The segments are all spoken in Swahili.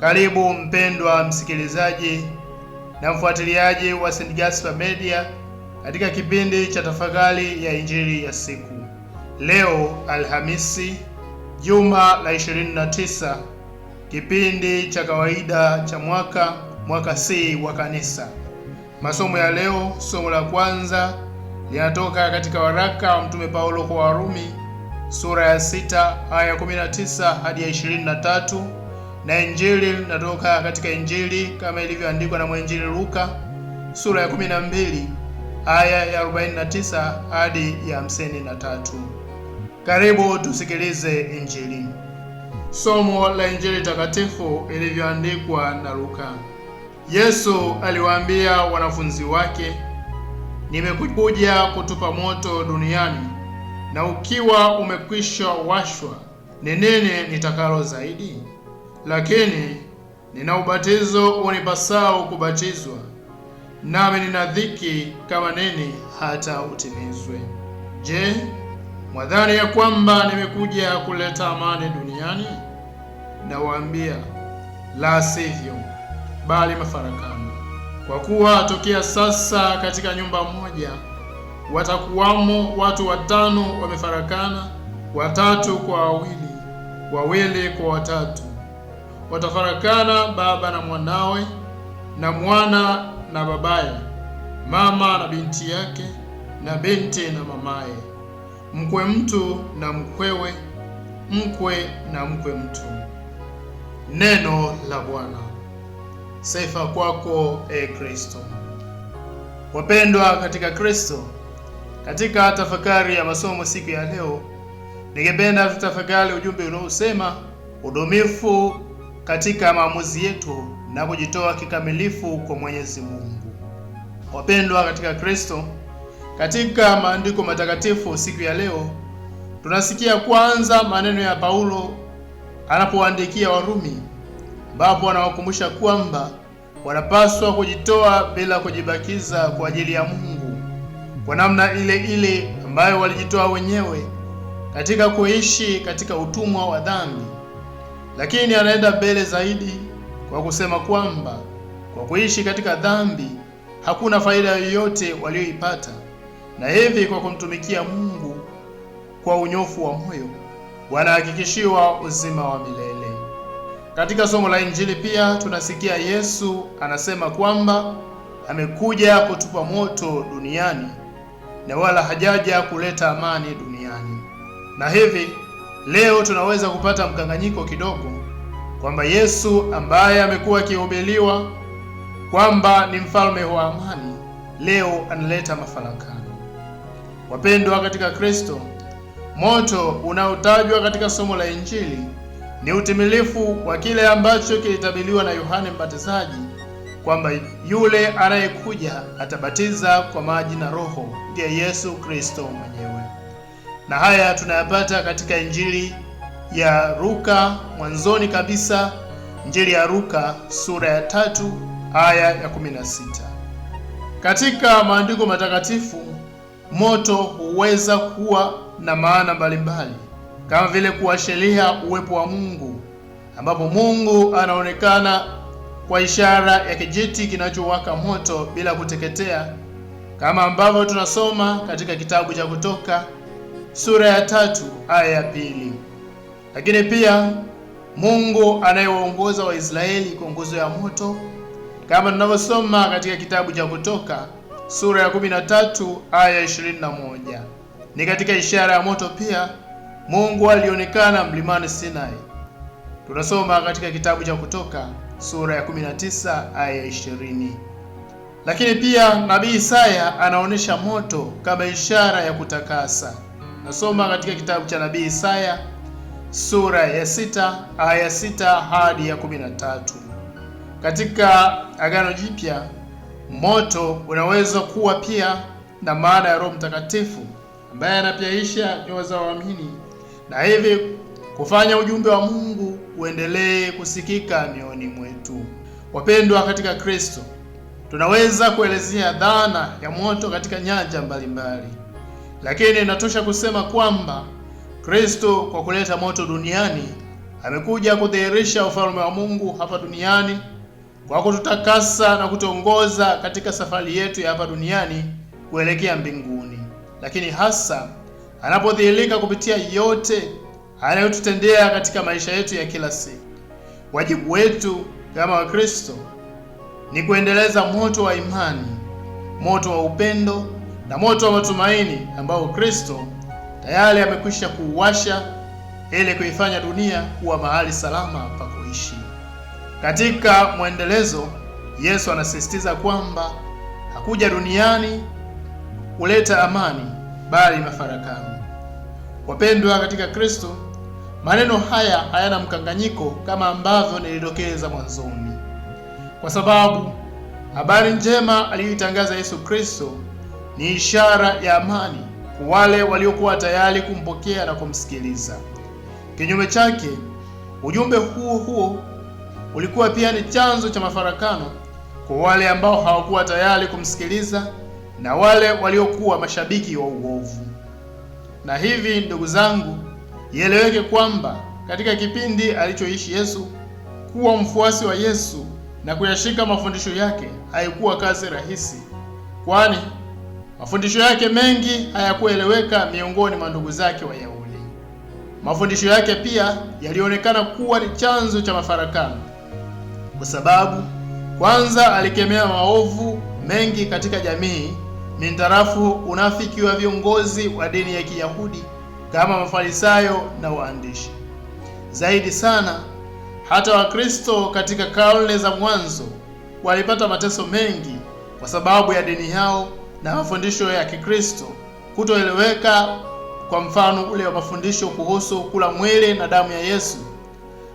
Karibu mpendwa msikilizaji na mfuatiliaji wa St. Gaspar Media katika kipindi cha tafakari ya injili ya siku. Leo Alhamisi, juma la 29, kipindi cha kawaida cha mwaka mwaka C wa kanisa. Masomo ya leo, somo la kwanza linatoka katika waraka wa Mtume Paulo kwa Warumi sura ya 6 aya 19 hadi ya 23 na injili linatoka katika Injili kama ilivyoandikwa na mwenjili Luka sura ya 12 aya ya 49 hadi ya 53. Karibu tusikilize Injili. Somo la Injili takatifu ilivyoandikwa na Luka. Yesu aliwaambia wanafunzi wake, nimekuja kutupa moto duniani, na ukiwa umekwisha washwa, ni nini nitakalo zaidi? lakini nina ubatizo unipasao kubatizwa, nami nina dhiki kama nini hata utimizwe. Je, mwadhani ya kwamba nimekuja kuleta amani duniani? Nawaambia, la sivyo, bali mafarakano. Kwa kuwa tokea sasa katika nyumba moja watakuwamo watu watano wamefarakana, watatu kwa wawili, wawili kwa watatu watafarakana baba na mwanawe na mwana na babaye, mama na binti yake na binti na mamaye, mkwe mtu na mkwewe, mkwe na mkwe mtu. Neno la Bwana. Sifa kwako e Kristo. Wapendwa katika Kristo, katika tafakari ya masomo siku ya leo, ningependa tutafakari ujumbe unaosema udumifu katika maamuzi yetu na kujitoa kikamilifu kwa Mwenyezi Mungu. Wapendwa katika Kristo, katika maandiko matakatifu siku ya leo tunasikia kwanza maneno ya Paulo anapowaandikia Warumi, ambapo anawakumbusha kwamba wanapaswa kujitoa bila kujibakiza kwa ajili ya Mungu kwa namna ile ile ambayo walijitoa wenyewe katika kuishi katika utumwa wa dhambi lakini anaenda mbele zaidi kwa kusema kwamba kwa kuishi katika dhambi hakuna faida yoyote walioipata, na hivi kwa kumtumikia Mungu kwa unyofu wa moyo wanahakikishiwa uzima wa milele. Katika somo la Injili pia tunasikia Yesu anasema kwamba amekuja kutupa moto duniani na wala hajaja kuleta amani duniani, na hivi Leo tunaweza kupata mkanganyiko kidogo kwamba Yesu ambaye amekuwa akihubiriwa kwamba ni mfalme wa amani, leo analeta mafarakano. Wapendwa katika Kristo, moto unaotajwa katika somo la Injili ni utimilifu wa kile ambacho kilitabiliwa na Yohane Mbatizaji kwamba yule anayekuja atabatiza kwa maji na Roho, ndiye Yesu Kristo mwenyewe na haya tunayapata katika Injili ya Luka mwanzoni kabisa, Injili ya Luka sura ya tatu aya ya sita. Katika maandiko matakatifu moto huweza kuwa na maana mbalimbali kama vile kuashiria uwepo wa Mungu, ambapo Mungu anaonekana kwa ishara ya kijiti kinachowaka moto bila kuteketea, kama ambavyo tunasoma katika kitabu cha Kutoka sura ya tatu aya ya pili. Lakini pia Mungu anayewaongoza Waisraeli kwa nguzo ya moto kama tunavyosoma katika kitabu cha Kutoka sura ya 13 aya 21. Ni katika ishara ya moto pia Mungu alionekana mlimani Sinai. Tunasoma katika kitabu cha Kutoka sura ya 19 aya 20. Lakini pia nabii Isaya anaonyesha moto kama ishara ya kutakasa. Nasoma katika kitabu cha nabii Isaya sura ya sita aya sita hadi ya kumi na tatu. Katika Agano Jipya, moto unaweza kuwa pia na maana ya Roho Mtakatifu ambaye anapyaisha nyoyo za waamini na hivi kufanya ujumbe wa Mungu uendelee kusikika mioni mwetu. Wapendwa katika Kristo, tunaweza kuelezea dhana ya moto katika nyanja mbalimbali mbali. Lakini inatosha kusema kwamba Kristo kwa kuleta moto duniani amekuja kudhihirisha ufalme wa Mungu hapa duniani kwa kututakasa na kutuongoza katika safari yetu ya hapa duniani kuelekea mbinguni, lakini hasa anapodhihirika kupitia yote anayotutendea katika maisha yetu ya kila siku. Wajibu wetu kama Wakristo ni kuendeleza moto wa imani, moto wa upendo na moto wa matumaini ambao Kristo tayari amekwisha kuuwasha ili kuifanya dunia kuwa mahali salama pa kuishi. Katika mwendelezo, Yesu anasisitiza kwamba hakuja duniani kuleta amani bali mafarakano. Wapendwa katika Kristo, maneno haya hayana mkanganyiko kama ambavyo nilidokeza mwanzoni, kwa sababu habari njema aliyoitangaza Yesu Kristo ni ishara ya amani kwa wale waliokuwa tayari kumpokea na kumsikiliza. Kinyume chake, ujumbe huo huo ulikuwa pia ni chanzo cha mafarakano kwa wale ambao hawakuwa tayari kumsikiliza na wale waliokuwa mashabiki wa uovu. Na hivi ndugu zangu, ieleweke kwamba katika kipindi alichoishi Yesu, kuwa mfuasi wa Yesu na kuyashika mafundisho yake haikuwa kazi rahisi, kwani Mafundisho yake mengi hayakueleweka miongoni mwa ndugu zake Wayahudi. Mafundisho yake pia yalionekana kuwa ni chanzo cha mafarakano, kwa sababu kwanza alikemea maovu mengi katika jamii mintarafu unafiki wa viongozi wa dini ya Kiyahudi kama Mafarisayo na waandishi. Zaidi sana, hata Wakristo katika karne za mwanzo walipata mateso mengi kwa sababu ya dini yao na mafundisho ya Kikristo, kutoeleweka kwa mfano ule wa mafundisho kuhusu kula mwili na damu ya Yesu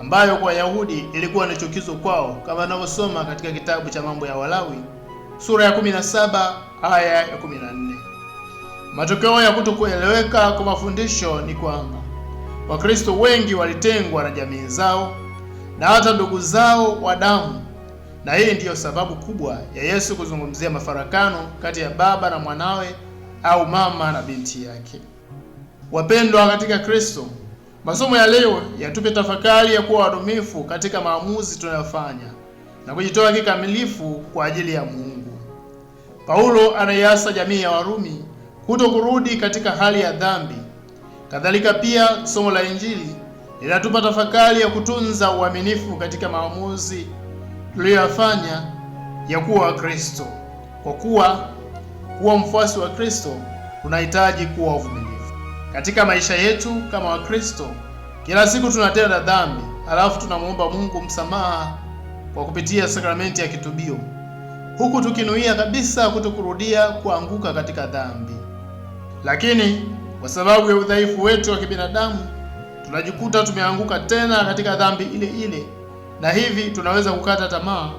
ambayo kwa Wayahudi ilikuwa ni chukizo kwao, kama anavyosoma katika kitabu cha Mambo ya Walawi sura ya 17 aya ya 14. Matokeo ya kutokueleweka kwa mafundisho ni kwamba Wakristo wengi walitengwa na jamii zao na hata ndugu zao wa damu na hii ndiyo sababu kubwa ya Yesu kuzungumzia mafarakano kati ya baba na mwanawe au mama na binti yake. Wapendwa katika Kristo, masomo ya leo yatupe tafakari ya kuwa wadumifu katika maamuzi tunayofanya na kujitoa kikamilifu kwa ajili ya Mungu. Paulo anaiasa jamii ya Warumi kuto kurudi katika hali ya dhambi. Kadhalika pia somo la Injili linatupa tafakari ya kutunza uaminifu katika maamuzi tuliyoyafanya ya kuwa Wakristo, kwa kuwa kuwa mfuasi wa Kristo tunahitaji kuwa wavumilivu katika maisha yetu kama Wakristo. Kila siku tunatenda dhambi, halafu tunamwomba Mungu msamaha kwa kupitia sakramenti ya kitubio, huku tukinuia kabisa kutokurudia kuanguka katika dhambi. Lakini kwa sababu ya udhaifu wetu wa kibinadamu tunajikuta tumeanguka tena katika dhambi ile ile na hivi tunaweza kukata tamaa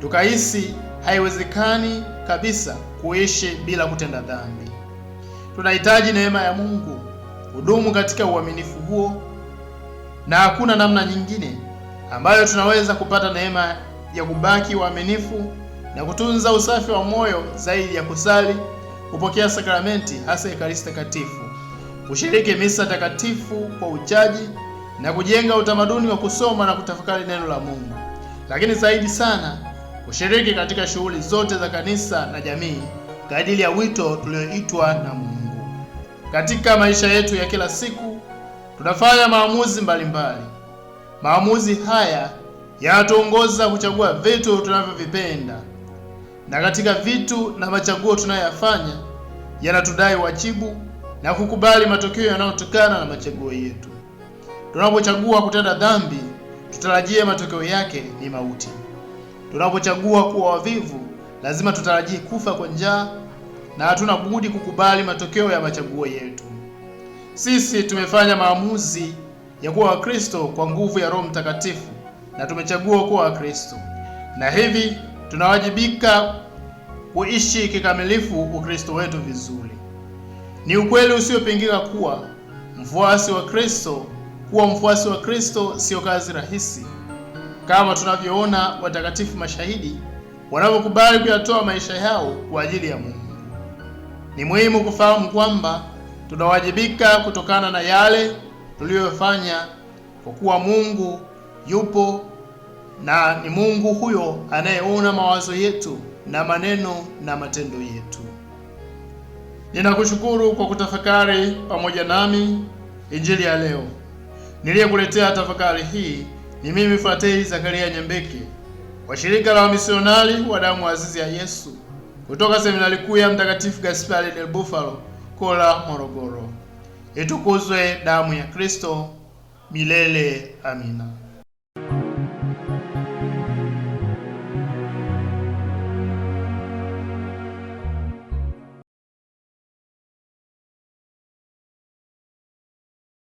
tukahisi haiwezekani kabisa kuishi bila kutenda dhambi. Tunahitaji neema ya Mungu kudumu katika uaminifu huo, na hakuna namna nyingine ambayo tunaweza kupata neema ya kubaki waaminifu na kutunza usafi wa moyo zaidi ya kusali, kupokea sakramenti, hasa Ekaristi Takatifu, kushiriki misa takatifu kwa uchaji na kujenga utamaduni wa kusoma na kutafakari neno la Mungu, lakini zaidi sana kushiriki katika shughuli zote za kanisa na jamii kwa ajili ya wito tulioitwa na Mungu. Katika maisha yetu ya kila siku tunafanya maamuzi mbalimbali. Maamuzi haya yanatuongoza kuchagua vitu tunavyovipenda, na katika vitu na machaguo tunayoyafanya yanatudai wajibu na kukubali matokeo yanayotokana na machaguo yetu. Tunapochagua kutenda dhambi, tutarajie matokeo yake ni mauti. Tunapochagua kuwa wavivu, lazima tutarajie kufa kwa njaa, na hatuna budi kukubali matokeo ya machaguo yetu. Sisi tumefanya maamuzi ya kuwa Wakristo kwa nguvu ya Roho Mtakatifu, na tumechagua kuwa Wakristo, na hivi tunawajibika kuishi kikamilifu Ukristo wetu vizuri. Ni ukweli usiopingika kuwa mfuasi wa Kristo kuwa mfuasi wa Kristo sio kazi rahisi, kama tunavyoona watakatifu mashahidi wanavyokubali kuyatoa maisha yao kwa ajili ya Mungu. Ni muhimu kufahamu kwamba tunawajibika kutokana na yale tuliyofanya, kwa kuwa Mungu yupo na ni Mungu huyo anayeona mawazo yetu na maneno na matendo yetu. Ninakushukuru kwa kutafakari pamoja nami Injili ya leo. Niliyekuletea tafakari hii ni mimi Fratei Zakaria Nyembeke wa shirika la wamisionari wa damu azizi ya Yesu kutoka seminari kuu ya Mtakatifu Gaspari del Bufalo, Kola, Morogoro. Itukuzwe damu ya Kristo! Milele amina.